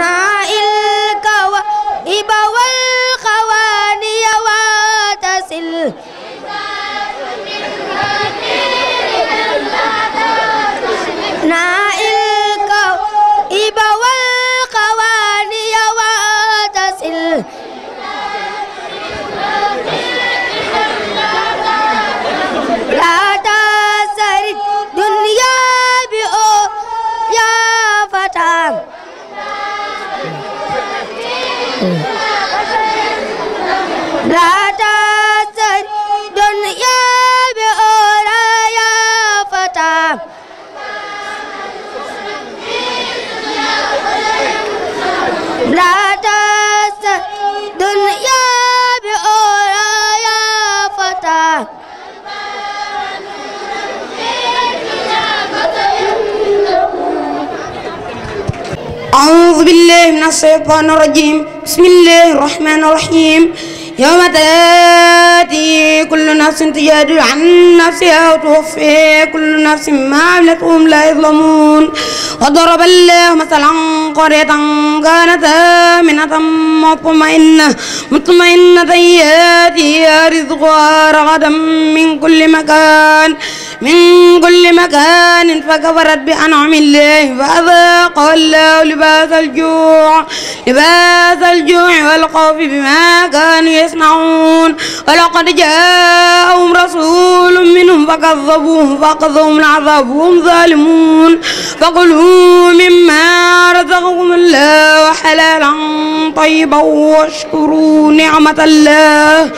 না الشيطان الرجيم بسم الله الرحمن الرحيم يوم تأتي كل نفس تجادل عن نفسها وتوفي كل نفس ما عملت وهم لا يظلمون وضرب الله مثلا قرية كانت آمنة مطمئنة مطمئنة يأتيها رزقها رغدا من كل مكان من كل مكان فكفرت بأنعم الله فأذاقها الله لباس الجوع لباس الجوع والخوف بما كانوا يصنعون ولقد جاءهم رسول منهم فكذبوه فأخذهم العذاب وهم ظالمون فكلوا مما رزقكم الله حلالا طيبا واشكروا نعمة الله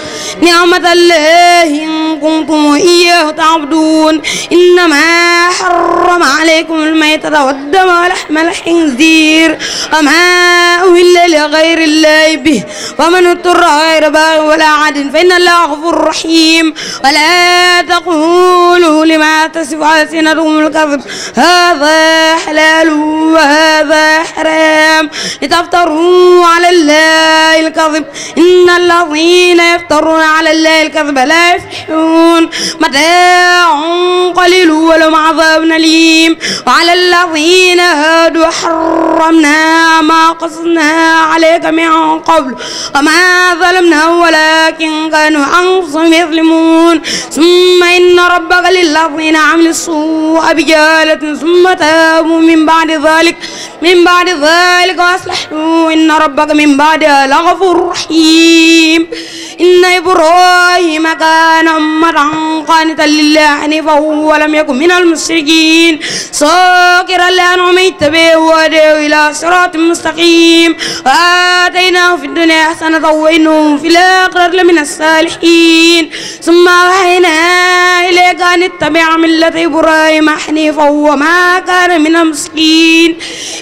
نعمة الله إن كنتم إياه تعبدون يشركون إنما حرم عليكم الميتة والدم ولحم الخنزير وما أهل لغير الله به ومن اضطر غير باغ ولا عاد فإن الله غفور رحيم ولا تقولوا لما تصف ألسنتكم الكذب هذا حلال وهذا حرام لتفتروا على الله الكذب إن الذين يفترون على الله الكذب لا يفلحون متاع قليل ولهم عذاب أليم وعلى الذين هادوا حرمنا ما قصنا عليك من قبل وما ظلمنا ولكن كانوا أنفسهم يظلمون ثم إن ربك للذين عملوا السوء بجالة ثم تابوا من بعد ذلك من بعد ذلك وأصلحوا إن ربك من بعدها لغفور رحيم إن إبراهيم كان أمة قانتا لله حنيفا ولم يكن من المشركين صاكرا لأنعم اتبعه وأدعو إلى صراط مستقيم وآتيناه في الدنيا حسنة وإنه في الآخرة لمن الصالحين ثم أوحينا إليك أن اتبع ملة إبراهيم حنيفا وما كان من المشركين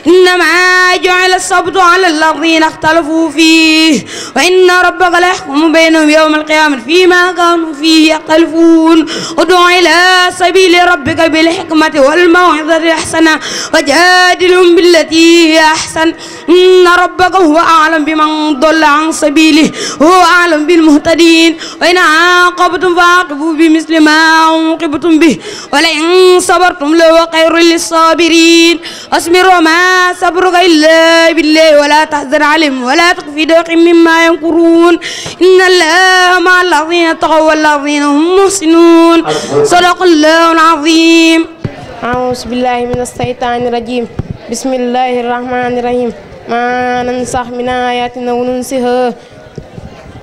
إنما جعل السبت على الذين اختلفوا فيه وإن ربك ليحكم بينهم بينهم يوم القيامة فيما كانوا فيه يختلفون ادع إلى سبيل ربك بالحكمة والموعظة الحسنة وجادلهم بالتي هي أحسن إن ربك هو أعلم بمن ضل عن سبيله هو أعلم بالمهتدين وإن عاقبتم فعاقبوا بمثل ما عوقبتم به ولئن صبرتم لهو خير للصابرين اصبر وما صبرك إلا بالله ولا تحزن عليهم ولا تخفي ضيق مما ينكرون إن إلا مع الذين اتقوا والذين هم محسنون صدق الله العظيم أعوذ بالله من الشيطان الرجيم بسم الله الرحمن الرحيم ما ننسخ من آياتنا وننسها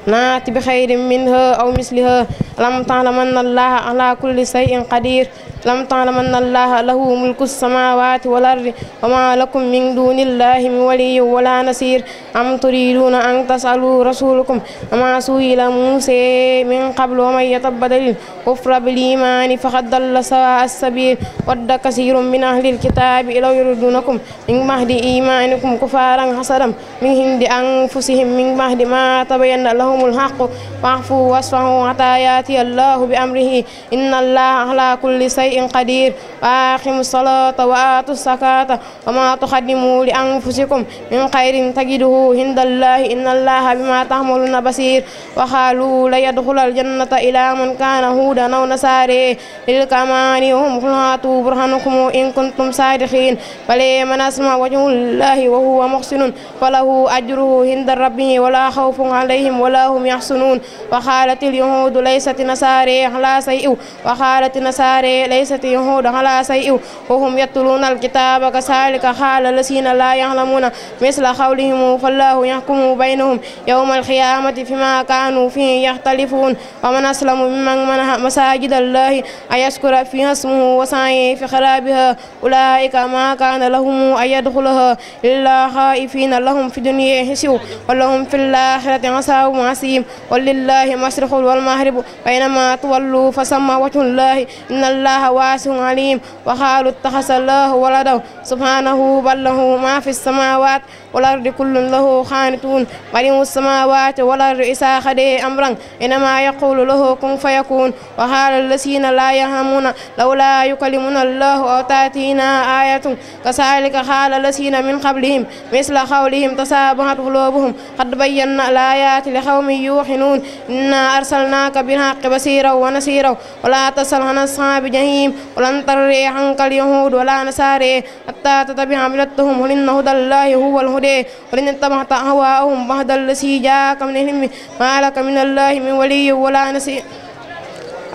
نات بخير منها أو مثلها لم تعلم أن الله على كل شيء قدير لم تعلم أن الله له ملك السماوات والأرض وما لكم من دون الله من ولي ولا نصير أم تريدون أن تسألوا رسولكم وما سئل موسى من قبل ومن يتبدل كفر بالإيمان فقد ضل سواء السبيل ود كثير من أهل الكتاب لو يردونكم من مهد إيمانكم كفارا حسدا من هند أنفسهم من مهد ما تبين لهم جاءهم الحق فاعفوا واصفحوا حتى ياتي الله بأمره إن الله على كل شيء قدير وأقيموا الصلاة وآتوا الزكاة وما تقدموا لأنفسكم من خير تجده عند الله إن الله بما تعملون بصير وقالوا ليدخل الجنة إلى من كان هودا أو نصاري تلك أمانيهم قل هاتوا برهانكم إن كنتم صادقين فلي من أسمع وجه الله وهو محسن فله أجره عند ربه ولا خوف عليهم ولا هم يحسنون وخالت اليهود ليست نصاري على سيء وخالت نصاري ليست يهود على سيء وهم يتلون الكتاب كذلك خال الذين لا يعلمون مثل قولهم فالله يحكم بينهم يوم القيامة فيما كانوا فيه يختلفون ومن أسلم ممن منع مساجد الله أيشكر في اسمه وسعي في خرابها أولئك ما كان لهم أن يدخلها إلا خائفين لهم في الدنيا هسوا ولهم في الآخرة عصاهم المصيب ولله المشرق والمغرب بينما تولوا فسمى وجه الله إن الله واسع عليم وقالوا اتخذ الله ولده سبحانه بل له ما في السماوات والأرض كل له خانتون بديع السماوات والأرض إسا خدي أمرا إنما يقول له كن فيكون وحال الذين لا يهمون لولا يكلمنا الله أو تأتينا آية كذلك حال الذين من قبلهم مثل قولهم تسابهت قلوبهم قد بينا الآيات لقوم يوحنون إنا أرسلناك بالحق بصيرا ونسيرا ولا تسأل عن أصحاب جهيم ولن تري عنك اليهود ولا نساري حتى تتبع ملتهم ولن هدى الله هو الهدى ودي ولن اتبع أهواءهم بعد الذي كم من ما لك من الله من ولي ولا نسي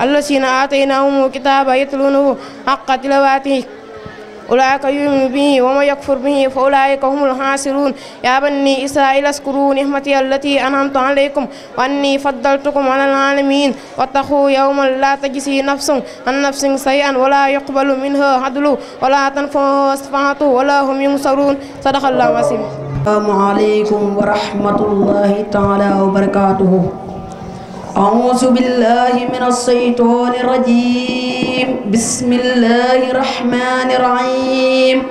الذين آتيناهم الكتاب يتلونه حق تلواته أولئك يؤمن به وما يكفر به فأولئك هم الخاسرون يا بني إسرائيل اذكروا نعمتي التي أنعمت عليكم وأني فضلتكم على العالمين واتقوا يوما لا تجزي نفس عن نفس شيئا ولا يقبل منها عدل ولا تنفع شفاعة ولا هم ينصرون صدق الله العظيم السلام عليكم ورحمة الله تعالى وبركاته أعوذ بالله من الشيطان الرجيم بسم الله الرحمن الرحيم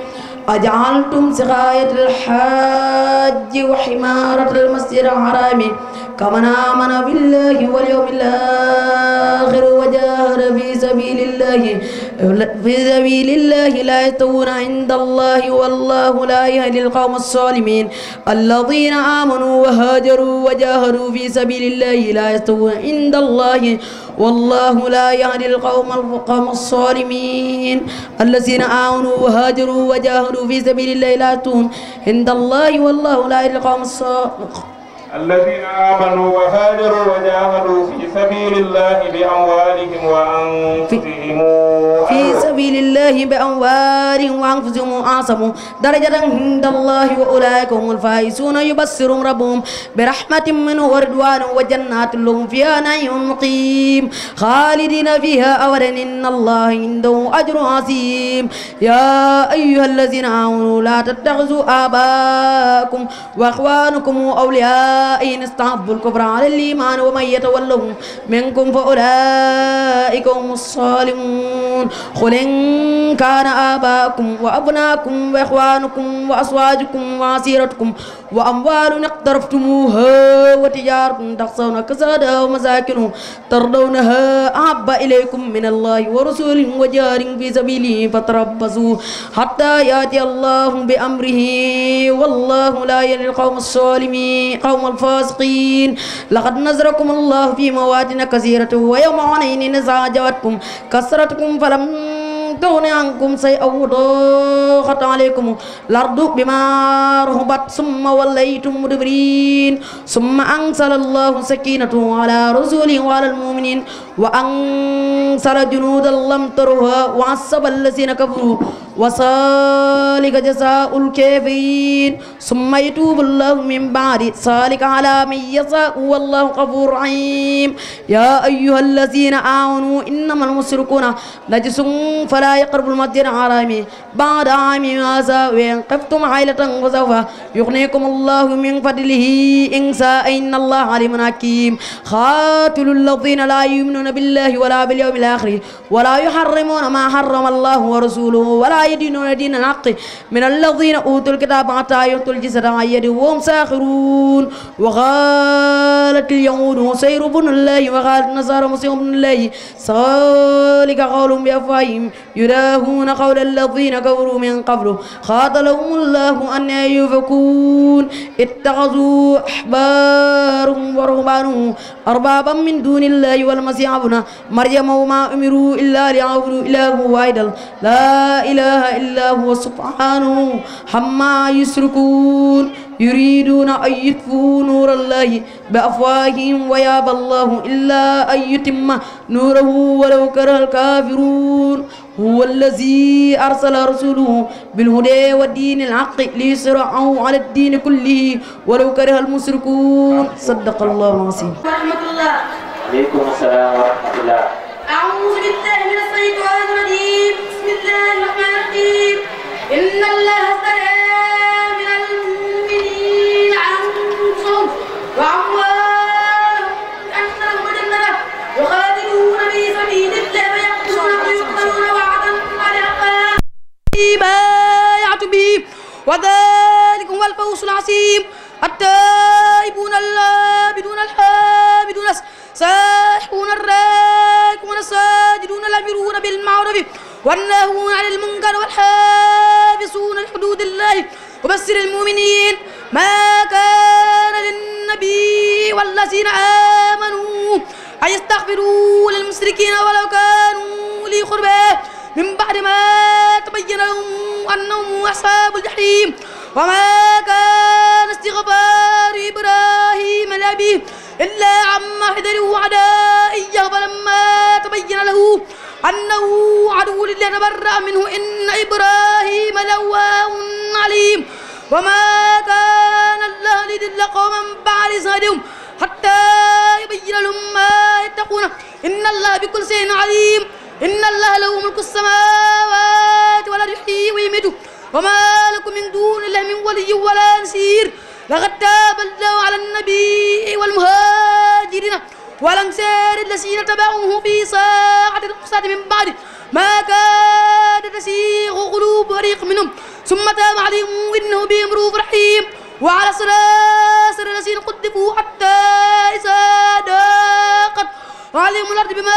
أجعلتم سقاية الحاج وحمارة المسجد الحرام كمن آمن بالله واليوم الآخر وجاهد في سبيل الله في سبيل الله لا يتون عند الله والله لا يهدي القوم الصالمين الذين آمنوا وهاجروا وجاهدوا في سبيل الله لا يتون عند الله والله لا يهدي القوم القوم الظالمين الذين آمنوا وهاجروا وجاهدوا في سبيل الله لا يتون عند الله والله لا يهدي القوم الصالحين الذين آمنوا وهاجروا وجاهدوا في سبيل الله بأموالهم وأنفسهم في سبيل الله بأموالهم وأنفسهم أعظم درجة عند الله وأولئك هم الفائزون يبصرهم ربهم برحمة منه ورضوان وجنات لهم فيها نعيم مقيم خالدين فيها أولا إن الله عنده أجر عظيم يا أيها الذين آمنوا لا تتخذوا آباءكم وإخوانكم وأولياءكم إن استحبوا الكفر على الإيمان ومن يتولهم منكم فأولئك هم الصالحون قل إن كان آباؤكم وأبناؤكم وإخوانكم وأزواجكم وعسيرتكم وأموال اقترفتموها وتجارة تخشون كسادها ومساكن ترضونها أحب إليكم من الله ورسوله وجار في سبيله فتربصوا حتى يأتي الله بأمره والله لا يهدي القوم الظالمين قوم والفاسقين الفاسقين لقد نزركم الله في موادنا كثيرة ويوم عنين إذ كسرتكم فلم لن تغني عنكم شيئا وضاقت عليكم الأرض بما رهبت ثم وليتم مدبرين ثم أنزل الله سكينته على رسوله وعلى المؤمنين وأنزل جنودا لم تروها وعصب الذين كفروا وذلك جزاء الكافرين ثم يتوب الله من بعد ذلك على من يشاء والله غفور رحيم يا أيها الذين آمنوا إنما المشركون نجس فلا يقرب المدينة حرامي بعد عام هذا وإن خفتم عائلة فسوف يغنيكم الله من فضله إن شاء إن الله عليم حكيم خاتل الذين لا يؤمنون بالله ولا باليوم الآخر ولا يحرمون ما حرم الله ورسوله ولا يدينون دين الحق من الذين أوتوا الكتاب حتى يؤتوا الجسد عن يد وهم ساخرون وقالت اليهود سير بن الله وقالت النصارى مسيح بن الله ذلك قولهم بأفواههم يراهون قول الذين كفروا من قبله خاطلهم الله أن يفكون اتخذوا أحبارهم ورهبانهم أربابا من دون الله والمسيح ابن مريم وما أمروا إلا ليعبدوا إله واحدا لا إله إلا هو سبحانه حما يشركون يريدون أن يطفئوا نور الله بأفواههم ويابى الله إلا أن يتم نوره ولو كره الكافرون هو الذي أرسل رسوله بالهدى والدين الحق ليشرعه على الدين كله ولو كره المشركون صدق الله العظيم ورحمة الله عليكم السلام ورحمة الله أعوذ بالله من الشيطان الرجيم بسم الله الرحمن الرحيم إن الله سلام وذلك هو الفوز العظيم التائبون العابدون الحامدون الساحقون الراكعون الساجدون الامرون بالمعروف والناهون عن المنكر والحافظون لحدود الله وبشر المؤمنين ما كان للنبي والذين امنوا ان يستغفروا للمشركين ولو كانوا لي قربى من بعد ما تبين لهم أنهم أصحاب الجحيم وما كان استغفار إبراهيم لأبيه إلا عما حذر وعدا اياه فلما تبين له أنه عدو لله تبرأ منه إن إبراهيم لواه عليم وما كان الله ليذل قوما بعد صادهم حتى يبين لهم ما يتقون إن الله بكل شيء عليم إن الله له ملك السماوات ولا يحيي ويميت وما لكم من دون الله من ولي ولا نصير لقد تاب الله على النبي والمهاجرين والأنصار الذين تبعوه في القصة من بعد ما كاد تسيغ قلوب فريق منهم ثم تاب عليهم إنه بهم روف رحيم وعلى صراط الذين قدفوا حتى إذا داقت عليم الأرض بما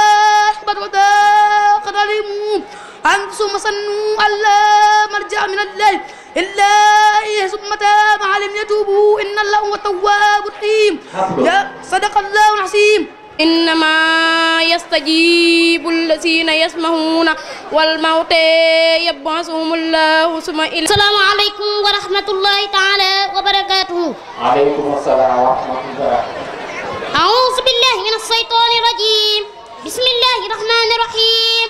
أحبت وضاقت عليهم أنفسهم صنوا أن مرجع من الله إلا إيه ثم تاب عليهم يتوبوا إن الله هو التواب الرحيم صدق الله العظيم إنما يستجيب الذين يسمعون والموتى يبعثهم الله ثم إلى السلام عليكم ورحمة الله تعالى وبركاته عليكم السلام ورحمة الله أعوذ بالله من الشيطان الرجيم بسم الله الرحمن الرحيم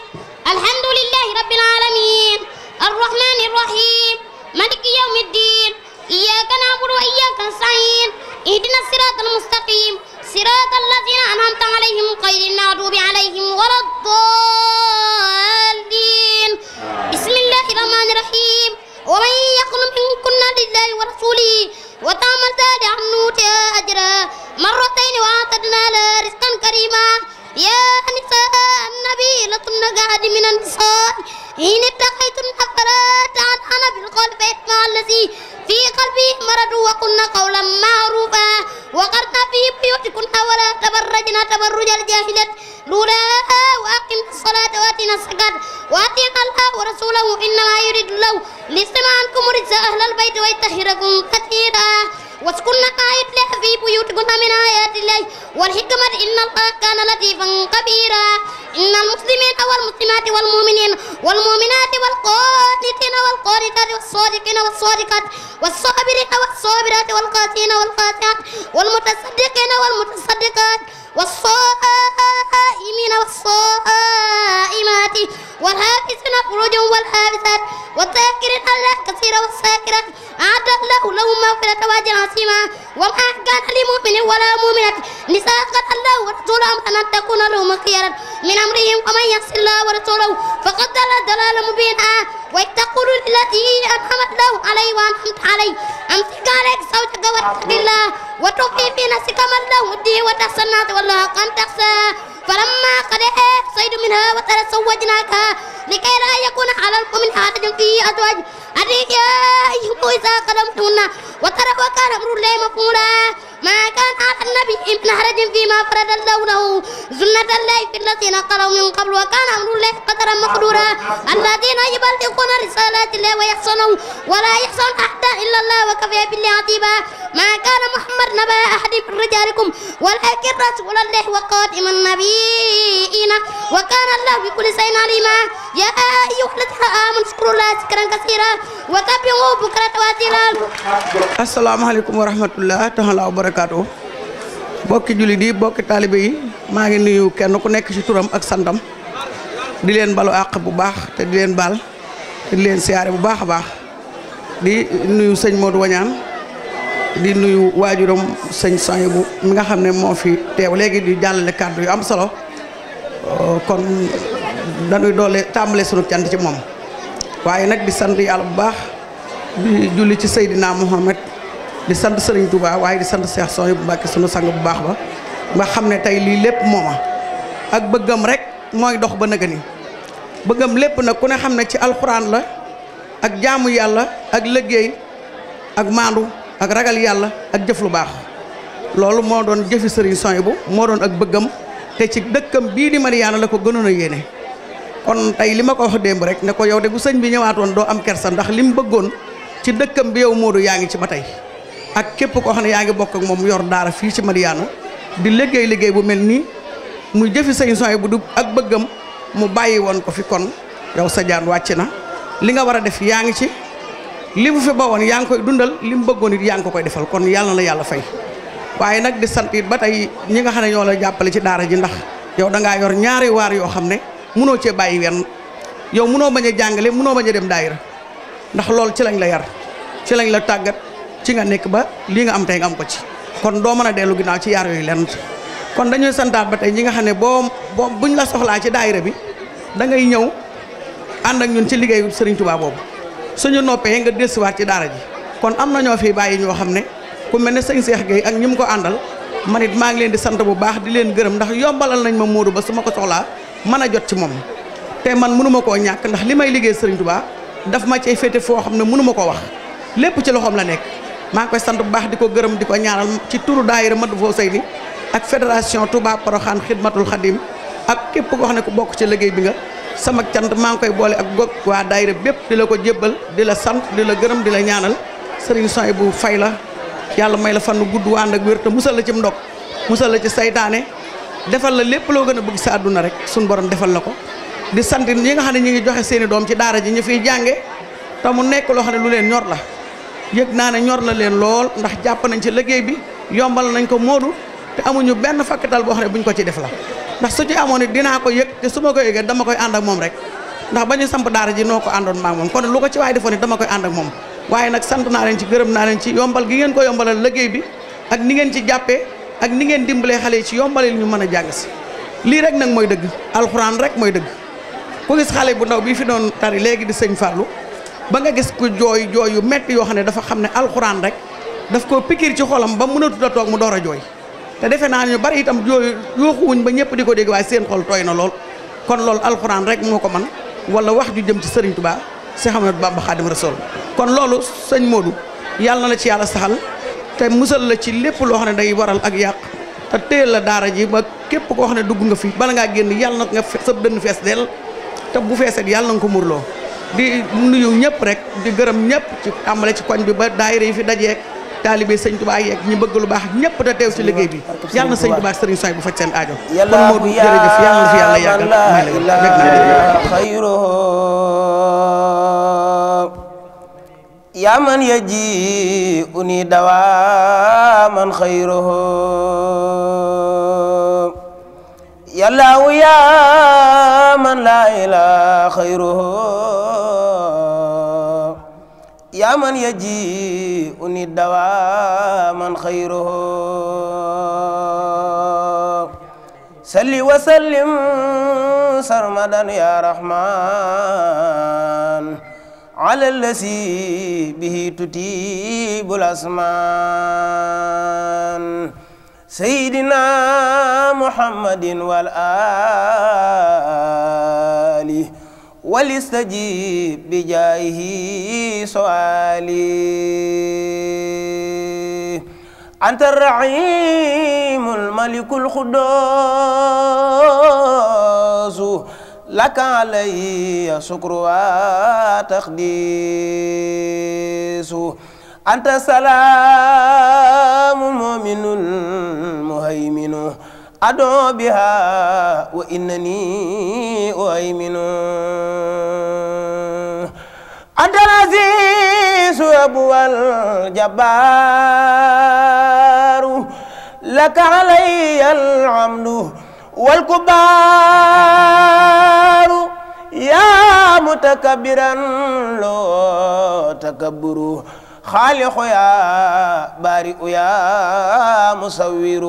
الحمد لله رب العالمين الرحمن الرحيم ملك يوم الدين إياك نعبد وإياك نستعين اهدنا الصراط المستقيم صراط الذين أنعمت عليهم غير المغضوب عليهم ولا الضالين بسم الله الرحمن الرحيم ومن يقل منكن لله ورسوله وتعمل صالحا نؤتها أجرها مرتين وأعتدنا لها رزقا كريما يا نساء النبي لطن قاعد من النساء إن اتقيتن عن أنا بالقلب مع الذي في قلبه مرض وقلنا قولا معروفا وقرنا في بيوتكن ولا تبرجنا تبرج الجاهلة لولا وأقم الصلاة وآتنا الزكاة وآتينا الله ورسوله إنما يريد الله ليستمع عنكم رجس أهل البيت ويطهركم كثيرا واسكن قائد له في بيوتكن من آيات الله والحكمة إن الله كان لطيفا كبيرا إن المسلمين والمسلمات والمؤمنين والمؤمنات والقانتين والقانتات والصادقين والصادقات والصابرين والصابرات والقاسين والقاسات والمتصدقين والمتصدقات والصائمين والصائمات والحافظين فروجهم والحافظات والذاكرين الله كثيرا والساكرات أعد الله لهم مغفرة وأجرا عظيما وما كان لمؤمن ولا مؤمنة نساء قد الله ورسوله أن تكون لهم خيرا من أمرهم ومن يعص الله ورسوله فقد ضل ضلالا مبينا ويتقول الذي أنعمت له عليه وأنعمت عليه أمسك عليك زوجك واتق الله وتوفي في نفسك من له وديه وتحسنات والله قام تقسى فلما قد صيد منها وترى سوجناك لكي لا يكون على القوم حرج في أزواج أريك يا أيها إذا قدمتن وترى وكان أمر الله مفعولا ما كان أحد النبي ابن حرج فيما فرد له سنة الله في الذين قالوا من قبل وكان أمر الله قدرا مقدورا الذين يبلغون رسالات الله ويحصنوا ولا يحصن أحد إلا الله وكفى بالله عتيبا ما كان محمد نبا أحد من رجالكم ولكن رسول الله وقاتم النبيين وكان الله بكل شيء عليما يا أيها الذين آمنوا اذكروا الله ذكرا كثيرا وكبروا بكرة واتلا السلام عليكم ورحمة الله تعالى وبركاته barakaatu bokki jullit yi bokki taalibe yi maa ngi nuyu kenn ku nek ci turam ak santam di len balu ak bu bax te di len bal, te di len siare bu bax bax di nuyu seigne Modou wagnan di nuyu waajuram seigne Saybu mi nga xamne mo fi tew legui di jallale kàddu yu am solo oh, kon dañuy dole tambale sunu tiant ci mom waye nak di sante yalla bu bax di julli ci sayidina Muhammad di sant Serigne Touba waaye di sant Cheikh Sow bu Mbàkke sunu sang bu baax ba nga xam ne tey lii lépp mooma ak bëggam rek mooy dox ba nëga ni bëggam lépp nag ku ne xam ne ci alxuraan la ak jaamu yàlla ak liggéey ak maandu ak ragal yàlla ak jëf lu baax loolu moo doon jëfi Serigne Sow bu moo doon ak bëggam te ci dëkkam bii di Mariana la ko gënoon a yéene kon tey li ma ko wax démb rek ne ko yow de bu sëñ bi ñëwaatoon doo am kersa ndax li mu bëggoon ci dëkkam bi yow yaa ngi ci ba tey ak kep ko xamne yaangi bok ak mom yor dara fi ci Madiyana di liggey liggey bu melni muy jëfi soy bu du ak bëggam mu bayyi won ko fi kon yow sa jaan wàcc na li nga wara def yaangi ci li mu fi bawon yaang koy dundal li mu bëggoon nit yaang ko koy defal kon yalla na yalla fay waye nak di sant yi batay ñi nga xamne ñoo la jàppale ci dara ji ndax yow nga yor ñaari waar yo xamne mëno ci bayyi bàyyi yow mëno baña a mëno baña dem daayira ndax lool ci lañ la yar ci lañ la tagat ci nga nek ba li nga am tay nga am ko ci kon do meuna delu ginaaw ci yar yooyu len kon dañu santat ba ñi nga xane bo boo buñ la soxla ci daayira bi da ngay ñew and ak ñun ci liggey Serigne Touba boobu suñu noppé nga desuwaat ci daara ji kon am na ñoo fi bàyyi ño xamne ku melni serigne Cheikh gay ak ñim ko andal man it maa ngi leen di sant bu baax di leen gëreem ndax yombalal nañ ma Modou ba suma ko soxla mën jot ci mom té man mënuma koo ñak ndax limay liggey Serigne Touba daf ma ci fété fo xamne ne mënuma ko wax lepp ci loxom la nek ma ngi koy sant bu baax di ko diko di ko ñaanal ci touru daayira fo Fawzeyni ak federation Touba Porokhane khidmatul khadim ak kep ko xam ko bok ci liggey bi nga sama cant ma ngi koy bolé ak gog wa daayira bëpp di ko jébal di la sant di la dila di la ñaanal serigne saibu fayla yalla may la fannu gudd ànd ak wërta musal la ci mdok musal la ci saytane defal la lepp lo gëna bëgg sa aduna rek sun borom defal la di sant ñi nga xane ñi ngi joxe seeni doom ci daara ji ñi fi jàngé tamu nekk lu leen ñor la yek naa ne ñor la leen lool ndax japp nañ ci liggey bi yombal nañ ko modul te amuñu benn fakatal bo xam buñ ko ci def la ndax su ci amoon it ko yek te suma ko yegge dama koy and ak mom rek ndax bañu samp dara ji noko andon ma mom kon lu ko ci way defone dama koy and ak mom waye nak sant na leen ci gërëm na leen ci yombal gi ngeen ko yombalal liggey bi ak ni ngeen ci jappé ak ni ngeen dimbalé xalé yi ci yombalil ñu mëna a jàng si lii rek nak moy dëgg alcorane rek moy dëgg ko gis xalé bu ndaw bi fi doon tari léegi di sëñ Fallou ba nga gis ku jooy jooy yu metti yoo xam ne dafa xam ne alxuraan rek daf ko pikir ci xolam ba mënatut a toog mu door a jooy te defe naa ñu bari itam jooy yooxuwuñ ba ñëpp di ko dégg waaye seen xol tooy na lool kon loolu alxuraan rek moo ko man wala wax ju jëm ci sëriñ Tuubaa Seex Ahmadu Bamba Xaadim Rasuul kon loolu sëñ Modou yàlla na la ci yàlla saxal te musal la ci lépp loo xam ne day waral ak yàq te téel la daara ji ba képp koo xam ne dugg nga fi bala ngaa génn yàlla na nga sëb dënn fees del te bu feesee yàlla na ko murloo di nuyu ñëpp rek di gërëm ñëpp ci tàmbale ci koñ bi ba daayira yi fi dajeek taalibe sëñ Tuubaa yeeg ñi bëgg lu baax ñëpp da teew ci liggéey bi yàlla na sëñ Tuubaa sëriñ Soy bu faj seen aajo yàlla fi yàlla yàggal may la xayro yaa man yaji uni dawa man يا الله يا من لا إله خيره يا من يجيئني الدوام خيره سلي وسلم سرمدا يا رحمن على الذي به تتيب الأسمان سيدنا محمد والآل وليستجيب بجاهه سؤالي أنت الرعيم الملك الخدوس لك علي شكر وتقديس anta salaamu muminul muhayminu adoo biha wa innani uhayminu anta laziizu abuwal jabbaaru laka alayya alhamdu wal kubaaru yaa mutakabbiran loo takabburu خالق يا بارئ يا مصور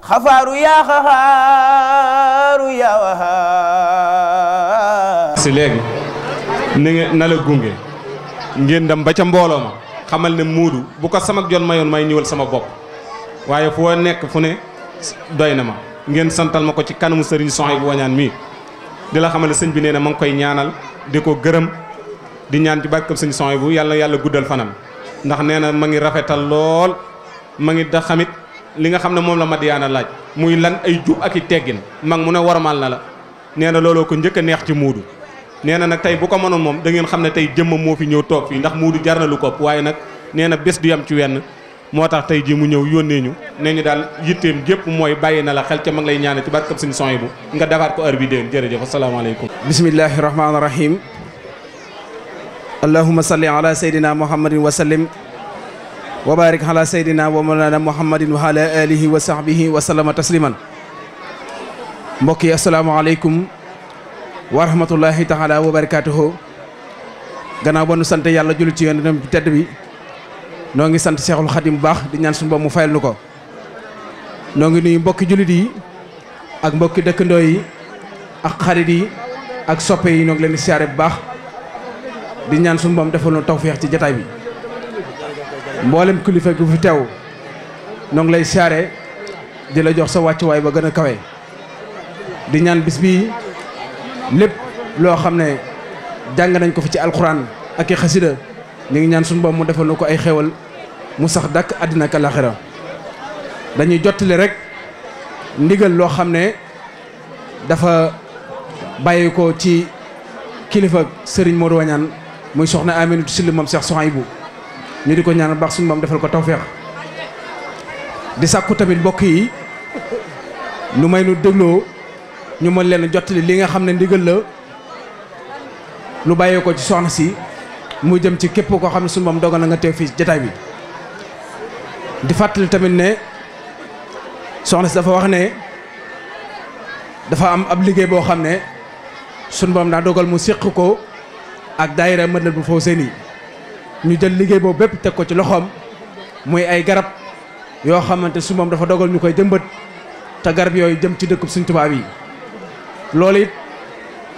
خفار يا خخار يا si léegi ni nga gunge ngeen dem ba ca mbooloo ma xamal ne muudu bu ko sama jon mayoon may ñëwal sama bopp waaye foo nekk fu ne doy na ma ngeen santal ma ko ci kanamu sëriñ soxna bu wañaan mii di la xamal ne sëñ bi nee na ma ngi koy ñaanal di ko gërëm di ñaan ci barkab sëñ soxna bu yàlla yàlla guddal fanam ndax nee na ma ngi rafetal lool ma ngi da xamit li nga xam ne moom la Madiyaana laaj muy lan ay jub ak i teggin mag mu ne warmal na la nee na looloo ko njëkk neex ci muudu nee na nag tey bu ko mënoon moom da ngeen xam ne tey jëmmam moo fi ñëw toog fii ndax muudu jar na lu waaye nag nee na bés du yam ci wenn moo tax tey jii mu ñëw yónnee ñu nee ñu daal yitteem jépp mooy bàyyi na la xel ca mag lay ñaane ci barkab suñu sony bu nga defaat ko heure bi déen jërëjëf asalaamaaleykum bismillahi rahmaani rahim اللهم صل على سيدنا محمد وسلم وبارك على سيدنا ومولانا محمد وعلى آله وصحبه وسلم تسليما mbokki asalaamaaleykum wa rahmatullahi taala wa barakaatuhu gannaaw ba nu sant yàlla jullit ci yonenam bi tedd bi noo ngi sant Seexul Xadim bu baax di ñaan suñu bopp mu fayal nu ko noo ngi nuyu mbokki jullit yi ak mbokki dëkkandoo yi ak xarit yi ak soppe yi noo ngi leen di siyaare bu baax di ñaan suñu boom defal nu tawféex ci jataay bi mboolem kilifa gu fi teew noo ngi lay siyaare di la jox sa wàccuwaay ba gën a kawe di ñaan bis bii lépp loo xam ne jàng nañ ko fi ci alxuraan ak i xasida ñu ngi ñaan suñu boom mu defal ko ay xéewal mu sax dàkk àddina ak alaxira dañuy jottali rek ndigal loo xam ne dafa bàyyi ko ci kilifa sëriñ Modou Wañaan muy soxna Aminatu Sylla moom Cheikh Souhaïbou ñu di ko ñaanal baax suñu moom defal ko tawféex di sàkku tamit bokk yi nu may nu dégloo ñu ma leen jottali li nga xam ne ndigal la lu bàyyee ko ci soxna si muy jëm ci képp koo xam ne suñu moom dogal na nga teew fii jataay bi di fàttali tamit ne soxna si dafa wax ne dafa am ab liggéey boo xam ne suñu moom daa dogal mu séq ko ak daayira Matlaboul Fawzeyni ñu jël liggéey bo bépp teg ko ci loxom muy ay garab yo xamanté sumam dafa dogal ñukoy dembeut ta garab yoy jëm ci dëkkub suñ touba bi loolu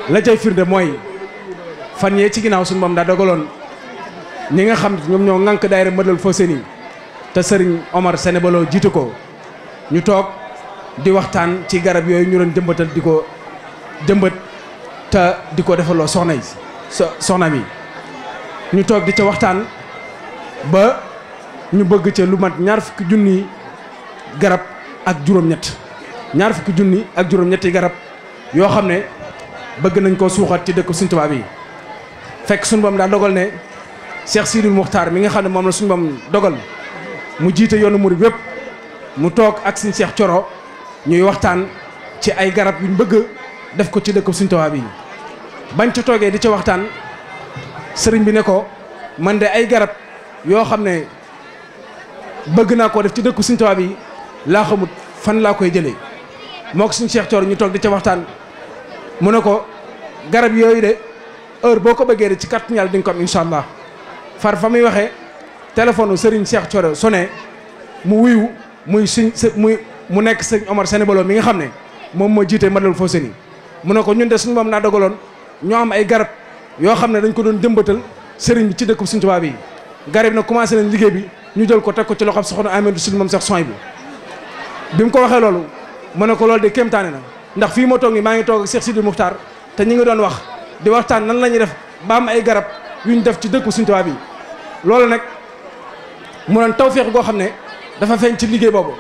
la cay firnde moy fan ye ci ginaaw suñu mom da dogalon ñi nga xam ñom ñoo ngank daayira Matlaboul Fawzeyni ta sëriñ Omar senebalo jitu ko ñu tok di waxtaan ci garab yoy ñu ron dembeutal diko dembeut ta diko defalo soxnaay soxna mi ñu tok di ci waxtaan ba ñu bëgg ci lu mat ñaar fukk junni garab ak juroom ñet ñaar fukk junni ak juroom ñetti garab yo xamne ne bëgg nañ ko suxat ci dekk suñu tuba bi fekk suñu bam da dogal ne Cheikh Sidil Muxtaar mi nga xamne mom la suñu bam dogal mu jité yoonu mourid wépp mu tok ak suñu Cheikh choro ñuy waxtaan ci ay garab yuñ bëgg def ko ci dekk suñu tuba bi bañ ca toogee di ca waxtaan sëriñ bi ne ko man de ay garab yoo xam ne bëgg naa koo def ci dëkku suñ tubaab yi laa xamut fan laa koy jëlee moo ko suñ Cheikh Thioro ñu toog di ca waxtaan mu ne ko garab yooyu de heure boo ko bëggee de ci kàttan yàlla di nga ko am incha allah far fa muy waxee téléphone sëriñ Cheikh Thioro sonné mu wuyu muy suñ muy mu nekk sëriñ Omar Sénébaloo mi nga xam ne moom moo jiite Matlaboul Fawzayni mu ne ko ñun de suñu moom naa dogaloon. ñoo am ay garab yoo xam ne dañ ko doon jëmbatal sëriñ bi ci dëkku Sëriñ Tuubaa bi garab na nag commencé nañ liggéey bi ñu jël ko te ko ci loxoom soxna Amady Sine moom sax soñ bu bi mu ko waxee loolu mu ne ko loolu de kéemtaane na ndax fii ma toog nii maa ngi toog ak Cheikh Sidi Moukhtar te ñu ngi doon wax di waxtaan nan la ñuy def ba ay garab yu ñu def ci dëkku Sëriñ Tuubaa bi loolu nag mu doon tawféex goo xam ne dafa feeñ ci liggéey boobu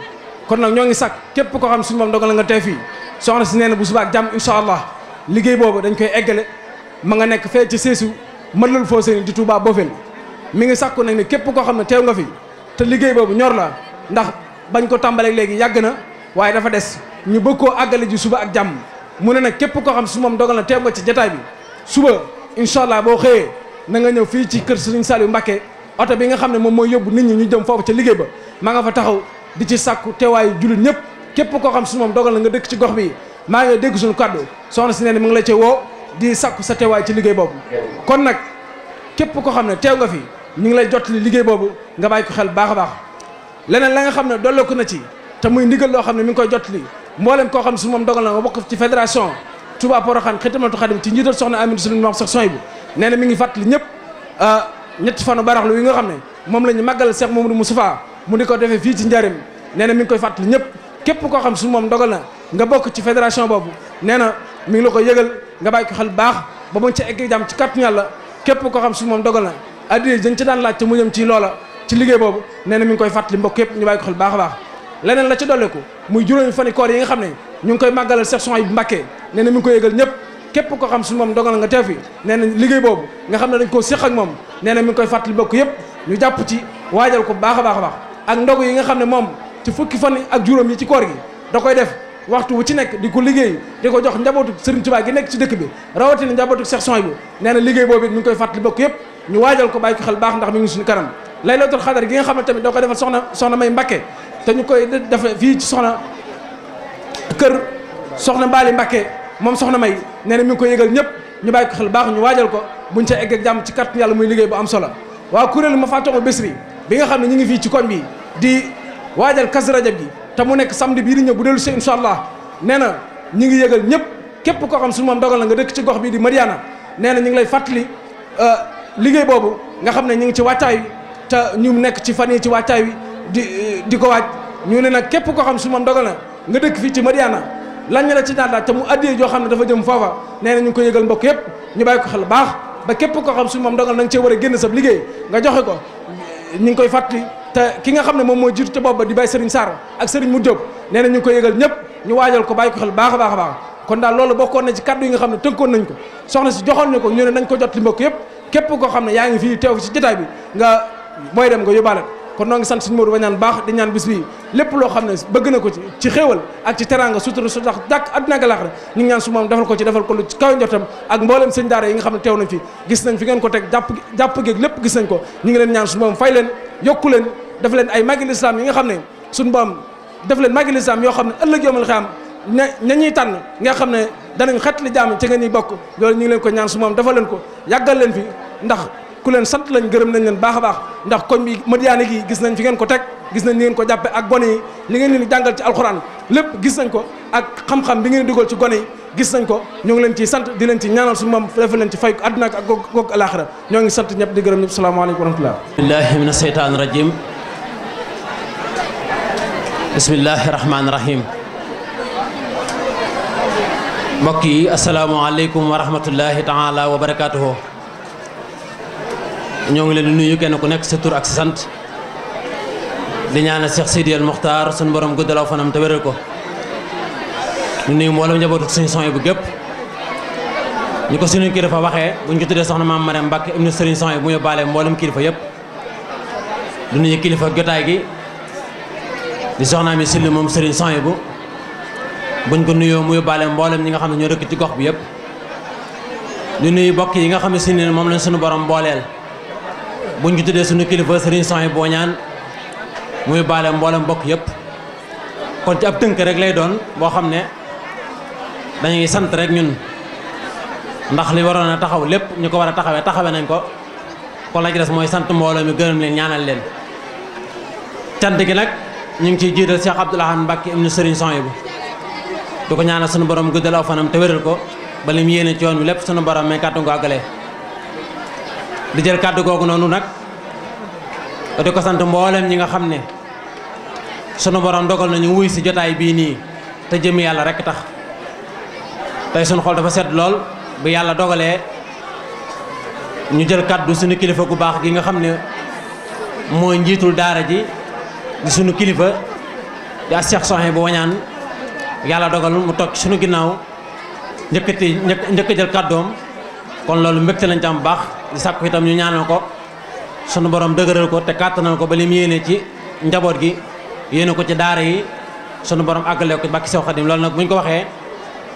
kon nag ñoo ngi sàkk képp koo xam suñu moom dogal la nga tey fii soxna si nee na bu subaa ak jàmm liggéey boobu dañ koy eggale ma nga nekk fee ci mën mënlul foo seen di Touba Bofel mi ngi sàkku nag ne képp koo xam ne teew nga fi te liggéey boobu ñor la ndax bañ ko tàmbalee léegi yàgg na waaye dafa des ñu bëgg koo àggale ji suba ak jàmm mu ne nag képp koo xam su moom dogal na teew nga ci jataay bi suba incha allah boo xëyee na nga ñëw fii ci kër su Serigne Saliou Mbacké oto bi nga xam ne moom mooy yóbbu nit ñi ñu jëm foofu ca liggéey ba maa nga fa taxaw di ci sàkku teewaayu jullit ñëpp képp koo xam su moom dogal na nga dëkk ci gox bi maa ngi dégg suñu kàddu soxna si ne mi ngi la ca woo di sakku sa teewaay ci liggéey boobu kon nag képp ko xam ne teew nga fi ñu ngi lay jottali liggéey boobu nga bàyyi ko xel baax a baax leneen la nga xam ne dolleeku na ci te muy ndigal loo xam ne mi ngi koy jottali mboolem koo xam ne su moom dogal na nga bokk ci fédération Touba Porokhane Xidmatul Xadim ci njiital soxna Aminata Sunu nee na mi ngi fàttali ñëpp ah, ñetti fanu baraxlu yi nga xam ne moom la ñu màggal Cheikh Mamadou Moustapha mu di ko defee fii ci njaarim nee na mi ngi koy fàttali ñëpp képp koo xam su moom dogal na nga bok ci fédération bobu nee na mi ngi la ko yëgal nga bay ko xal bax ba mu ci egg jàmm ci carte yàlla képp ko xam su mom dogal na addina dañ ci daan laaj mu jëm ci loola ci liggéey bobu nee na mi ngi koy fatali mbokk yëpp ñu bay ko xal baax a baax leneen la ci dolleku muy juróomi fani koor yi nga xam ñu ngi koy màggalal Cheikh Souhaïbou Mbacké nee na mi ngi koy yëgal ñëpp képp ko xam su mom dogal nga teew fi nee na liggéey boobu nga xam dañ ko séq ak mom nee na mi ngi koy fatali mbokk yëpp ñu japp ci wajal ko baax a baax ak ndogu yi nga xam mom ci fukki fani ak juróom yi ci koor gi da koy def waxtu wu ci nekk di ko liggéey di ko jox njabootu Serigne Touba gi nekk ci dëkk bi rawatina njabootu Cheikh Soy bu nee na liggéey boobu it ngi koy fàttali bokk yëpp ñu waajal ko bàyyi ko xel baax ndax mi ngi suñu kanam laylatul xadar gi nga xam ne tamit doo ko defal soxna soxna may Mbakke te ñu koy defee fii ci soxna kër soxna Mbaali Mbakke moom soxna may nee na mi ngi koy yëgal ñëpp ñu bàyyi ko xel baax ñu waajal ko buñ ca egg ak jàmm ci kàttan yàlla muy liggéey bu am solo waaw kuréelu ma fàttoo Bichri bi nga xam ne ñu ngi fii ci koñ bi di waajal Kazu Rajab gi te mu nekk samedi bii di ñëw bu dellu si incha laa nee na ñu ngi yégal ñëpp képp koo xam suñu moom dogal na nga dëkk ci gox bi di Madiyana nee na ñu ngi lay fàttali euh, liggéey boobu nga xam ne ñu ngi ci wàccaay wi te ñu nekk ci fan yi ci wàccaay wi di euh, di ko waaj ñu ne nag képp koo xam suma moom dogal na nga dëkk fii ci Madiyana lan ñu la ci ñaan laaj te mu addiyee joo xam ne dafa jëm foofa nee na ngi ko yëgal mbokk yëpp ñu bàyyi ko xel baax ba képp koo xam suñu moom dogal na nga cee war a génn sa liggéey nga joxe ko ñu ngi koy fàttali te ki nga xam ne moom moo jiitu ca bopp ba di bay Serigne Sarr ak Serigne mu Diop nee na ñu yëgal ñëpp ñu waajal ko bàyyi ko xel baax a baax a baax kon daal loolu bokkoon na ci kaddu yi nga xam ne tënkoon ko soxna si joxoon ko ñu ne nañ ko jot li mbokk koo xam ne yaa ngi fii teew fi ci jotaay bi nga booy dem nga yóbbaale kon noo ngi sant suñu Modou loo xam ne bëgg na ko ci ci xéewal ak su tax dàkk àdduna ak laaxira ñu ngi ñaan ko ci defal ko ci kaw njortam ak mboolem sëñ daara yi nga xam ne tew nañ fi gis nañ fi ngeen ko teg jàpp jàpp géeg lépp gis nañ ko ñu ngi leen ñaan su moom fay leen yokku leen def leen ay màggal islam yi nga xam ne suñu borom def leen màggal islam yoo xam ne ëllëg yoomal xam na na ñuy tànn nga xam ne danañ xet li jaam ci nga ñuy bokk loolu ñu ngi leen ko ñaan su moom dafa leen ko yàggal leen fi ndax ku leen sant lañ gërëm nañ leen baax a baax ndax koñ bi madiyaane gi gis nañ fi ngeen ko teg gis nañ ni ngeen ko jàppe ak gone yi li ngeen leen jàngal ci alxuraan lépp gis nañ ko ak xam-xam bi ngeen dugal ci gone yi gis nañ ko ñoo ngi leen ciy sant di leen ci ñaanal su moom defal leen ci fay ko àdduna ak goog goog alaaxira ñoo ngi sant ñëpp di gërëm ñëpp salaamaaleykum wa rahmatullah billahi mina seytaan rajim bismillahi rahmaani rahim mbokk yi asalaamaaleykum wa rahmatullahi taala wa barakatuhu ñoo ngi leen di nuyu kenn ku nekk sa tur ak sa sant di ñaanal Cheikh Sidi El suñu borom guddalaw fanam te wéral ko di nuyu mboolem njabootu suñu son bu gépp ñu ko suñu kilifa waxee buñ ko tuddee soxna maam Mariam Mbacke ibnu Serigne son bu ñu baalee mboolem kilifa yëpp kilifa jotaay gi di soxna mi silli moom Serigne son bu buñ ko nuyoo muy baalee mboolem ñi nga xam ne ñoo dëkk ci gox bi yëpp di nuyu bokk yi nga xam ne si ne moom lañ suñu borom mbooleel. buñ ci tuddee suñu kilifa sëriñ son yi boo ñaan muy baale mboolem mbokk yëpp kon ci ab tënk rek lay doon boo xam ne dañuy sant rek ñun ndax li waroon a taxaw lépp ñu ko war a taxawee taxawe nañ ko kon la ci mooy sant mbooloo mi gërëm leen ñaanal leen cant gi nag ñu ngi ciy jiital Cheikh Abdoul Ahad Mbacké ibnu sëriñ son yi bu du ko ñaanal sunu borom guddal aw fanam te wéral ko ba lim yéene yoon wi lépp sunu borom may kàttu nga àggale di jël kàddu gogou nonu nak di ko sant mboolem ñi nga xamne suñu borom dogal nañu wuy si jotaay bi ni te jëm yalla rek tax tay suñu xol dafa sét lool bu yalla dogalé ñu jël kàddu suñu kilifa gu baax gi nga xamne ne njitul daara ji di suñu kilifa di Cheikh Soxna bu wañaan yalla dogal mu tok suñu ginnaw ñëkëti ñëk jël kàddoom kon lolu mbégte lañ tam baax di sàkku itam ñu ñaanal ko sunu borom dëgëral ko te kàttanal ko ba lim yene ci njabot gi yene ko ci daara yi sunu borom agale ko bakki sew xadim loolu nak buñ ko waxe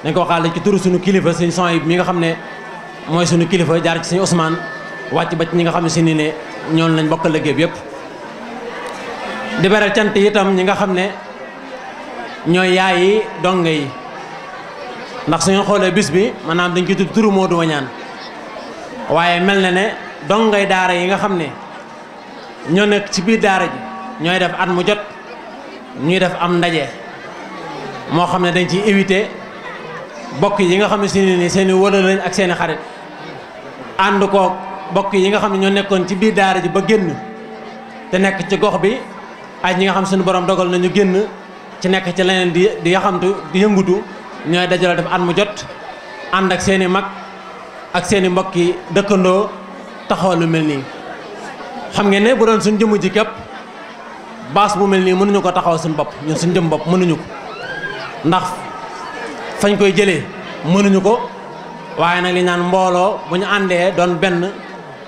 dañ ko waxal ci turu sunu kilifa sëñ son yi mi nga xamne moy sunu kilifa jaar ci sëñ usman wacc ba ci nga xamne ne ne ñoon lañ bokk la geeb yep di beral cant itam ñi nga xamne ñoy ñooy yaay yi donga ndax suñu xolé bis bi manam dañ ci turu Modou wañan waaye mel na ne dongay daara yi nga xam ne ñoo nekk ci biir daara ji ñooy def at mu jot ñuy def am ndaje moo xam ne dañ ciy éviter bokk yi nga xam ne si ne nii seen i ak seeni xarit ànd koo bokk yi nga xam ne ñoo nekkoon ci biir daara ji ba génn te nekk ci gox bi ak ñi nga xam suñu borom dogal nañu génn ci nekk ci leneen di di yaxamtu di yëngutu ñooy dajaloo def at mu jot ànd ak seen mag. ak seeni mbokki dëkkandoo taxawal lu mel nii xam ngeen ne bu doon suñ jëmu ji képp baas bu mel nii mënuñu ko taxaw suñ bopp ñun suñ jëm bopp mënuñu ko ndax fañ koy jëlee mënuñu ko waaye nag li ñaan mbooloo bu ñu àndee doon benn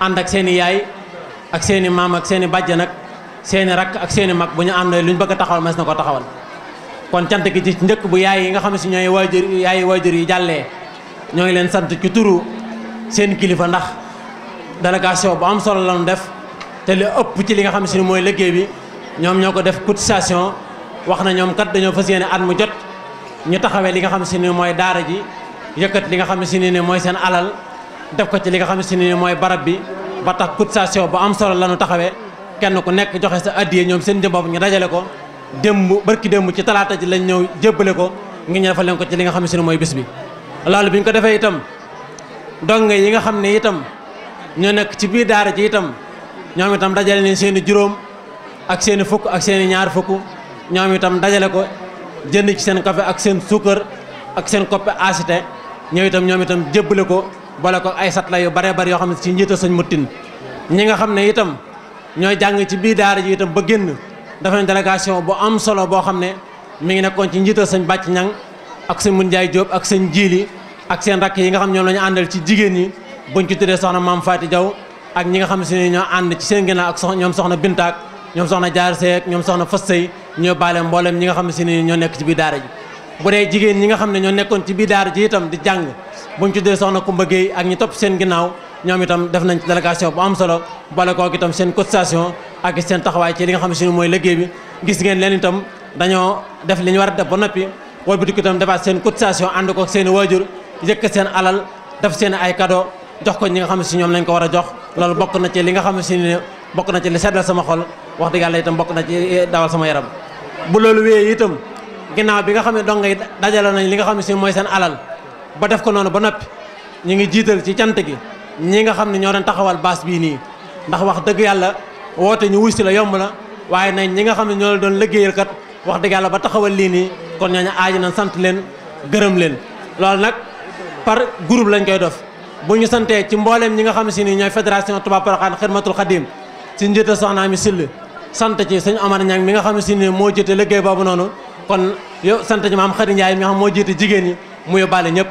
ànd ak seeni yaay ak seeni maam ak seeni bàjj ak seeni rakk ak seeni mag bu ñu àndee lu ñu bëgg a taxawal mas na ko taxawal kon cant gi ci njëkk bu yaay yi nga xam ne si ñooy waajur yaay waajur yi jàllee ñoo ngi leen sant ci turu seen kilifa ndax délégation ba am solo lañu def te li ëpp ci li nga xam si ne mooy liggéey bi ñoom ñoo ko def cotisation wax na ñoom kat dañoo fas yéene at mu jot ñu taxawee li nga xam si ne mooy daara ji yëkkat li nga xam si ne mooy seen alal def ko ci li nga xam si ne mooy barab bi ba tax cotisation ba am solo lañu taxawee kenn ku nekk joxe sa addiye ñoom seen jëm bopp ñu dajale ko démb barki démb ci talaata ji lañ ñëw jébbale ko ngi ñu defal ko ci li nga xam si ne mooy bis bi dong yi nga xamne itam ñu nek ci biir daara ci itam ñoom itam dajale nyar seen juroom ak seen fuk ak seen ñaar fuk ñoom itam dajale ko jënd ci seen café ak seen sucre ak seen koppe acité ñëw itam ñoom itam jëbël ko bala ko ay satla yu bare bare yo xamne ci njiital sëñ muttin ñi nga xamne itam ñoy jang ci biir daara ji itam ba genn dafa ne délégation bu am solo bo xamne mi ngi nekkon ci njiital sëñ bàcc ñang ak mun ak jili ak seen rak yi nga xam ñoom lañu andal ci jigéen ñi buñ ci tuddee soxna mam fati Jaw ak ñi nga xam si ñoo and ci seen gëna ak sox ñoom soxna bintak ñoom soxna Jaar Seek ñoom soxna Fassey ñoo balé mboolem ñi nga xam si ñoo nekk ci bi daara ji bu dé jigéen ñi nga xam ne ñoo nekkon ci bi daara ji itam di jang buñ ci tuddee soxna Kumba gey ak ñi top seen ginnaaw ñoom itam def nañ ci délégation bu am solo balé ko itam seen cotisation ak seen taxaway ci li nga xam si ne liggéey bi gis ngeen leen itam dañoo def li ñu war def ba noppi wala bu dikk seen cotisation and ko seen wajur yëkk seen alal def seen ay cadeau jox ko ñi nga xam ci ñom lañ ko wara jox bokk na ci li nga xam ci na ci li sédal sama xol wax dëgg yàlla itam bokk na ci eh, dawal sama yaram bu loolu wéyee itam ginaaw bi nga xam ne dong ngay dajale nañ li nga xam ci moy alal ba def ko nonu ba nopi ñi ngi jital ci cant gi ñi nga xam ne ñoo doon taxawal bass bi ni ndax wax deug yalla wote ñu wuss la yom la waye nañ ñi nga xam ñoo la doon liggéeyal kat wax ba taxawal li ni kon ñooñu aaji nañ sant leen gëreem leen loolu nak par groupe lañ koy def bu ñu santé ci mbooleem ñi nga xam ci ni ñoy fédération tuba Porokhane Xidmatul qadim ci njiite soxna mi sill santé ci sëñ amana ñang mi nga xam ci ni mo jëte liggéey babu nonu kon yo santé ci maam Khady ñay mi nga xam nyep, jëte jigéen yi mu yóbbaale ñëpp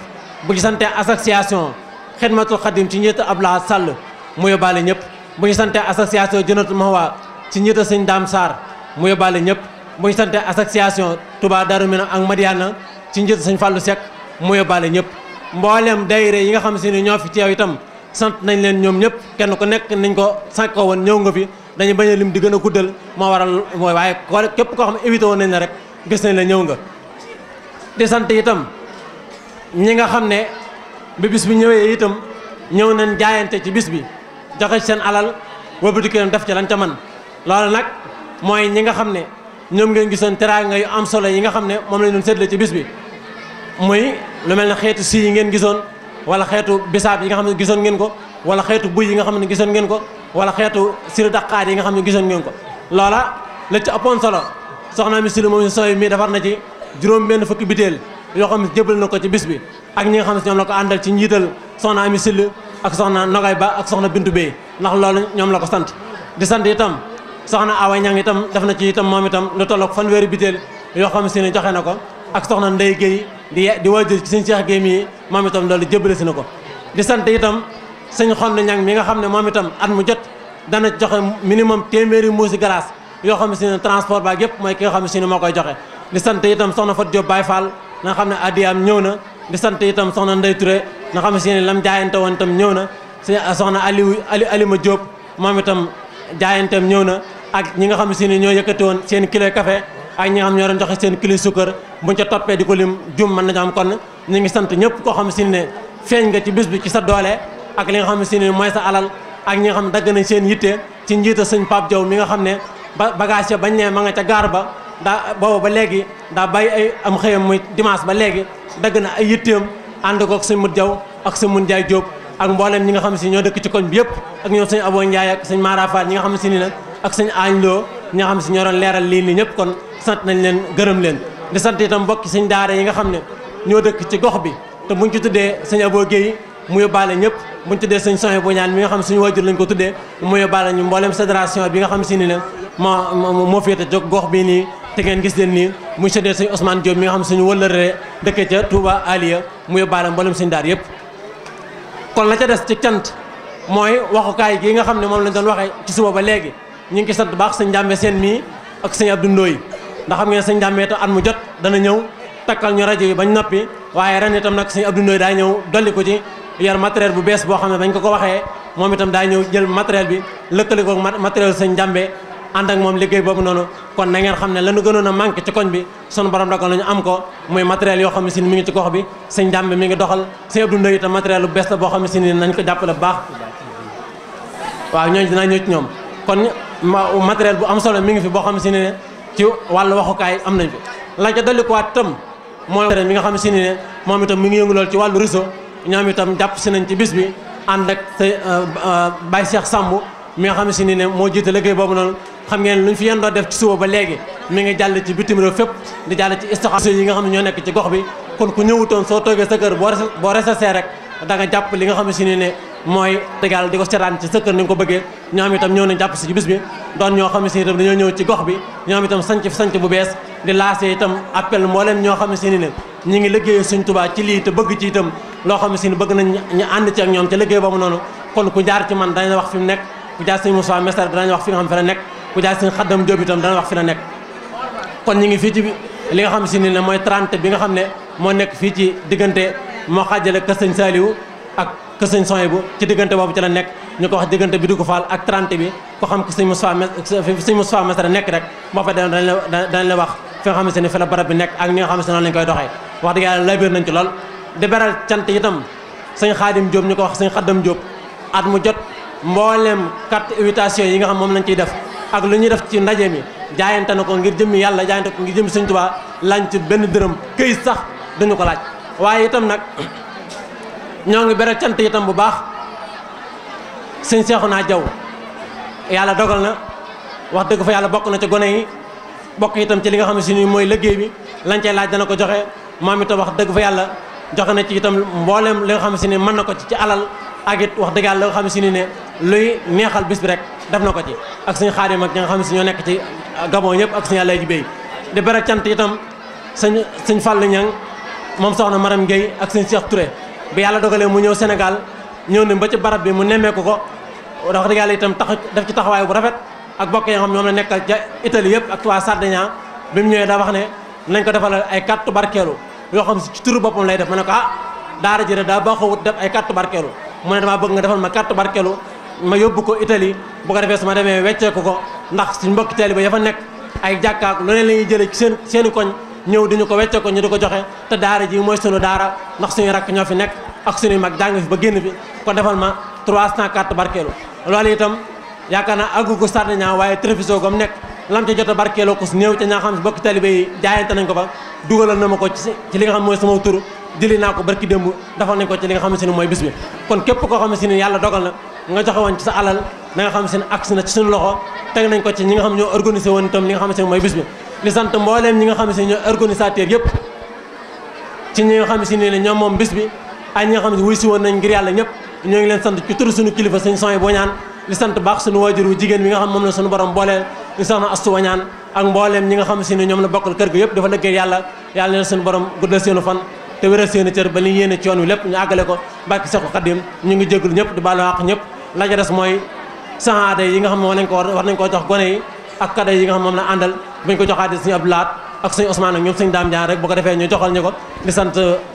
bu ñu santé association Xidmatul qadim ci njiite abla Sall mu yóbbaale ñëpp bu ñu santé association Jënatul Mahwa ci njiite sëñ dam sar mu ñëpp bu ñu santé association tuba ak Madiana ci fallu sek mu ñëpp mboolem dayre yi nga xam si ne ñoo fi teew itam sant nañ leen ñoom ñëpp kenn ku nekk nañ ko sàkkoo woon ñëw nga fi dañu bañ a lim di gën a guddal moo waral mooy waaye képp koo xam ne évité woon nañ la rek gis nañ la ñëw nga di sant itam ñi nga xam ne bi bis bi ñëwee itam ñëw nañ jaayante ci bis bi joxe seen alal wabadikoon def ci lan ca man loolu nag mooy ñi nga xam ne ñoom ngeen gisoon teraanga yu am solo yi nga xam ne moom lañ doon séddale ci bis bi moy lu melni xeetu si yi ngeen gisoon wala xeetu bisab yi nga xamni ne gisoon ngeen ko wala xeetu buy yi nga xamni ne gisoon ngeen ko wala xeetu sir daqaar yi nga xamni ne gisoon ngeen ko lola la ci apon solo soxna mi silu mo si sooy mi defar na ci juróom ben fukki bitel yo xam ne jëbal na ko ci bis bi ak ñi nga xam ñom si la ko àndal ci njiital soxna mi silu ak soxna nogay ba ak soxna bintu bey ndax lolu ñom la ko sant di sante itam soxna awa ñang itam def na ci itam mom itam lu tolloog fanweeri biteel yoo xam ne si joxe nako ak soxna ndey géey di di waajur ci sëñ Cheikh Gueye moom itam loolu jébbale si na ko di sant itam sëñ Xonn Ñang mi nga xam ne moom itam at mu jot dana joxe minimum téeméeri muusi galaas yoo xam ne si ne transport ba yëpp mooy ki nga xam ne si ne moo koy joxe di sant itam soxna Fatou Diop Baye Fall nga xam ne am ñëw na di sant itam soxna nday Touré nga xam ne si ne lam jaayante woon itam ñëw na si ah, soxna Aliou Ali Alima Diop moom itam jaayanteem ñëw na ak ñi nga xam ne si ne ñoo yëkkati woon seen kilo café ay ñi nga xam ñoo doon joxe seen kilo sucre buñ ca topé diko lim jum man nañu am kon ñi ngi sant ñepp ko xam si ne feñ nga ci bis bi ci sa doole ak li nga xam si ne moy sa alal ak ñi nga xam dag na seen yitté ci njiita señ pap jaw mi nga xam ne bagage ya ba ñe ma nga ca gaar ba daa booba ba légui da bay ay am xeyam muy dimanche ba légui dag na ay and ko ak señ Mut jaw ak señ Mun jaay job ak mbolam ñi nga xam si ñoo dëkk ci koñ bi yépp ak ñoo señ Abo Njaay ak señ Mara Fall ñi nga xam si ni nag ak señ Añ Loo ñi nga xam si ñoo doon leeral li ni ñëpp kon sant nañ leen gërëm leen di sant itam mbokki sëñ daara yi nga xam ne ñoo dëkk ci gox bi te buñ ci tuddee sëñ Abo Guèye mu yóbbaale ñëpp buñ tuddee sëñ Soxé bu ñaan mi nga xam suñu wajur lañ ko tuddee mu yóbbaale ñu mboolem fédération bi nga xam si ni ne ma moo féete jóg gox bii nii te ngeen gis leen nii mu tuddee sëñ Ousmane Diop mi nga xam suñu wëllëree dëkk ca Touba Aliya mu yóbbaale mboolem sañ daar yëpp kon la ca des ci cant mooy waxukaay gi nga xam ne moom lañ doon waxee ci suba ba léegi ñu ngi sant baax sëñ Njàmbe seen mii ak sëñ Abdou Ndoye ndax xam ngeen sëñ Dame itam at mu jot dana ñëw takkal ñu rajo yi bañ noppi waaye ren itam nag sëñ Abdou Ndoye daa ñëw dolli ko ci yar matériel bu bees boo xam ne bañ ko ko waxee moom itam daa ñëw jël matériel bi lëkkale ko matériel sëñ Dame ànd ak moom liggéey boobu noonu kon na ngeen xam ne lanu gënoon a manqué ci koñ bi sunu borom dogal nañu am ko muy matériel yoo xam ne si mi ngi ci gox bi sëñ Dame mi ngi doxal sëñ Abdou Ndoye itam matériel bu bees boo xam ne si ni nañ ko jàppale bu baax waaw ñooñu dinaa ñëw ci ñoom kon matériel bu am solo mi ngi fi boo xam si ne ci wàllu waxukaay am nañ ko lañ ca dolliwaat itam mooy mi nga xam si ne moom itam mi ngi yëngu lool ci wàllu réseau ñoom si nañ euh, euh, mi nga xam si ne moo jiite liggéey boobu noonu xam ngeen luñ fi yéen doon def ci suba ba léegi mu ngi jàll ci bitim réew fépp di jàll ci istiqaam yi nga xam ne ñoo nekk ci gox bi kon ku ñëwutoon soo toogee sa kër boo boo rek da jàpp li nga xam si ne mooy tegal di ko seetaan ci sa kër ni nga ko bëggee ñoo xam itam ñëw nañ jàpp si ci bis bi doon ñoo xam ne si itam dañoo ñëw ci gox bi ñoo xam itam sanc sanc bu bees di laasé itam xam ne si ni ne ñi ngi liggéey suñ tubaa ci lii te bëgg ci itam loo xam ne si ni bëgg ànd ci ak ñoom ci liggéey boobu noonu kon ku jaar ci man danañ wax fi mu nekk ku jaar sëñ Moussa Messere danañ wax fi nga xam fi la nekk ku jaar sëñ Xaddam Diop itam danañ wax fi la nekk kon ñu ngi fii ci li nga xam si ni ne mooy 30 bi nga xam ne moo nekk fii ci diggante moo xaajale kër sëñ Saliou ak kër sëñ soy bu ci diggante boobu ci la nekk ñu ko wax diggante bi du faal ak 30 bi ko xam que sëñ Moussa sëñ Moussa Masara nekk rek moo fa dañ la dañ wax fi nga xamante ne fi la barab bi nekk ak ni nga xamante ne noonu lañ koy doxee wax dëgg yàlla labir nañ ci lool di cant ñu ko wax sëñ Xaddam Diop at mu jot mboolem carte invitation yi nga xam moom lañ ciy def ak li ñuy def ci ndaje mi jaayante na ko ngir jëmmi yàlla jaayante ko ngir jëmmi sëñ Tuubaa lañ ci benn dërëm këy sax duñu ko laaj ñoo ngi bere cant itam bu baax sëñ naa Jaw yàlla dogal na wax dëgg fa yàlla bokk na ci gone yi bokk yi tam ci li nga xam ne si nii mooy liggéey bi lañ cay laaj dana ko joxe moom itam wax dëgg fa yàlla joxe na ci itam mboolem li nga xam ne si nii mën na ko ci ci alal ak it wax dëgg yàlla nga xam ne si nii ne luy neexal bis bi rek def na ko ci ak suñ xaadim mag ñi nga xam ne si ñoo nekk ci Gabon yëpp ak suñu àllay ji béy di bere cant itam sañ sëñ Fallou Niang moom soxna Maram Gueye ak sëñ Cheikh Touré bi yàlla dogalee mu ñëw Sénégal ñëw na ba ci barab bi mu nemmeeku ko wax dëgg yàlla itam tax def ci taxawaay bu rafet ak bokk ya xam ñoom la nekkal ca Italie yëpp ak waa Sardinia bi mu ñëwee daa wax ne nañ ko defal ay kàttu barkeelu yoo xam si ci turu boppam lay def ma ne ko ah daara ji daa baaxawut def ay kàttu barkeelu mu ne damaa bëgg nga defal ma kàttu barkeelu ma yóbbu ko Italie bu ko defee su ma demee wecceeku ko ndax suñ mbokki taalibe ya fa nekk ay jàkkaak la ñuy jëlee ci seen seeni ñëw diñu ko wecce ko ñu di ko joxe te daara ji mooy sunu daara ndax suñu rakk ñoo fi nekk ak suñuy mag jàng fi ba génn fi ko defal ma 304 barkeelu loolu itam yaakaar naa àggu ko sàrdi ñaa waaye Treviso gam nekk lam ca jot a barkeeloo ko su néew ca ñaa xam si bokk talibé yi jaayante nañ ko fa dugalal na ma ko ci li nga xam mooy sama tur jëli naa ko barki démb defal nañ ko ci li nga xam ne mooy bis bi kon képp koo xam ne yàlla dogal na nga joxe ci sa alal na nga xam seen agsi na ci suñu loxo teg nañ ko ci ñi nga xam ñoo organisé woon itam li xam ne mooy ñoo organisateur yëpp ci ñi nga xam si ne ñoom moom bis bi ay ñi nga xam ne wuy si woon nañ ngir yàlla ñëpp ñoo ngi leen sant ci turu suñu kilifa suñu sony boo ñaan di sant baax suñu waajur wu jigéen bi nga xam moom la suñu borom booleel ñu soxna astu wañaan ak mbooleem ñi nga xam si ne ñoom la bokkal kër gi yëpp dafa lëggee yàlla yàlla leen suñu borom guddal seenu fan te ko bàkki sa ko xadim ñu ngi jégalu ñëpp di sahade yi nga xam mo war nañ ko war nañ ko jox gone yi ak kade yi nga xam mom la andal buñ ko joxaatee suñu Abdou Lahat ak seigne Ousmane ak ñoom seigne Daam Jaan rek bu ko defé ñu joxal ñuko ko di sant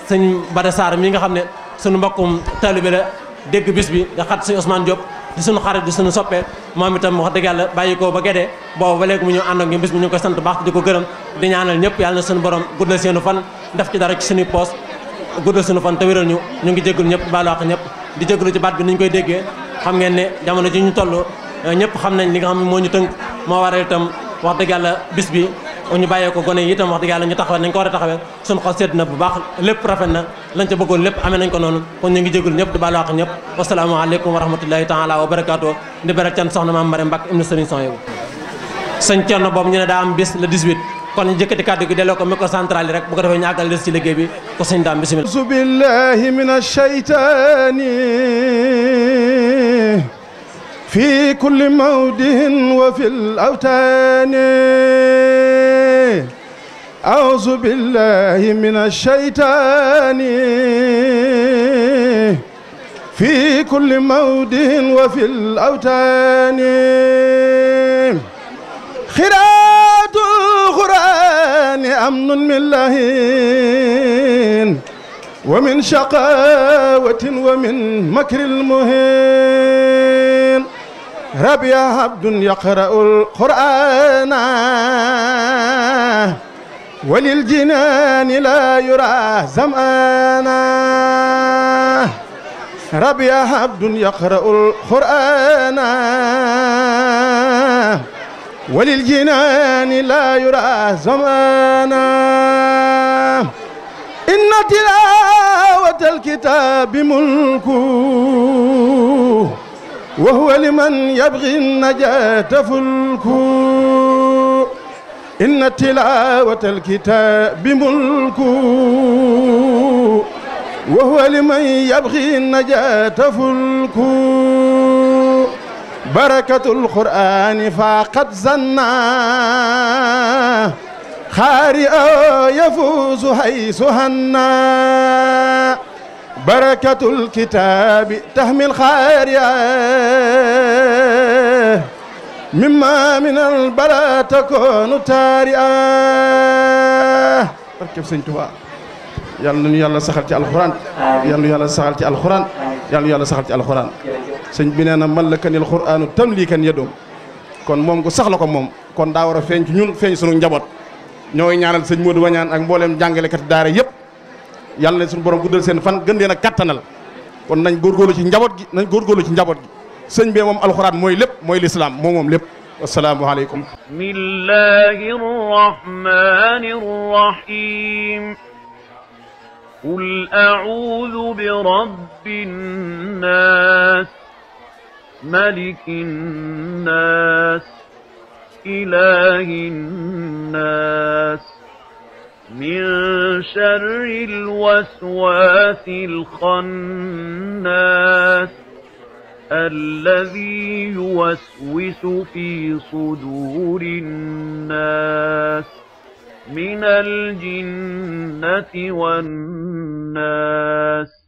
seigne Bada sar mi nga xam ne suñu mbokum talibé la dégg bis bi nga xat seigne Ousmane Diop di suñu xarit di suñu soppé moom itam wax dëgg yàlla bàyyi ba gédé bo ba léegi mu ñëw ànd ak ñoom bis bi ñu ko koy sant baax di ko gërëm di ñaanal ñëpp yalla suñu borom guddal seenu fan daf ci dara ci suñu poste guddal seenu fan tawiral ñu ñu ngi jéggul ñëpp balax àq di jéggul ci baat bi ni ñu koy déggé xam ngeen ne jamono ji ñu tollu euh, ñëpp xam nañ li nga xam ne moo ñu tënk moo waral itam wax dëgg yàlla bis bi ñu bàyyee ko gone yi itam wax dëgg yàlla ñu taxawal nañ ko war a taxawee suñu xol sedd na bu baax lépp rafet na lañ ca bëggoon lépp amee nañ ko noonu kon ñu ngi jégul ñëpp di baalu àq ñëpp wasalaamaaleykum wa rahmatullahi taala wa barakaatu di beral can soxna maam Mbare mbak ibnu Sëriñ Son yobu sëñ Cerno boobu ñu ne daa am bis le 18 kon ñu jëkkati kàddu gi delloo ko micro central rek bu ko defee ñu àggal des ci liggéey bi ko sëñ daam bismillah في كل مود وفي الأوتان أعوذ بالله من الشيطان في كل مود وفي الأوتان خراد القرآن أمن من لهين ومن شقاوة ومن مكر المهين ربي عبد يقرأ القرآن وللجنان لا يرى زمانا ربي عبد يقرأ القرآن وللجنان لا يرى زمانا إن تلاوة الكتاب ملكه وهو لمن يبغي النجاة فلك إن تلاوة الكتاب ملك وهو لمن يبغي النجاة فلك بركة القرآن فقد زنا خارئ يفوز حيث هنّا بركة الكتاب tahmil الخارعة مما من البلاء تكون تارعة barkeb sëñ Tuubaa yàlla na ñu yàlla saxal ci alxuraan yàlla na ñu saxal ci alxuraan yàlla na ñu saxal ci kon mom ku saxlo ko mom kon da wara a ñun feeñ suñu njabot ñoy ñaanal Modou Wañaan ak jangale kat daara yàlla na suñu borom guddal sen fan gën leen katanal kon nañ góorgóorlu ci njabot gi nañ góorgóorlu ci njabot gi sëñ be mom alcorane moy lépp moy l'islam mom mom lépp assalaamu alaykum billahir rahmanir rahim qul a'udhu bi rabbin nas malikin nas ilahin nas من شر الوسواس الخناس الذي يوسوس في صدور الناس من الجنة والناس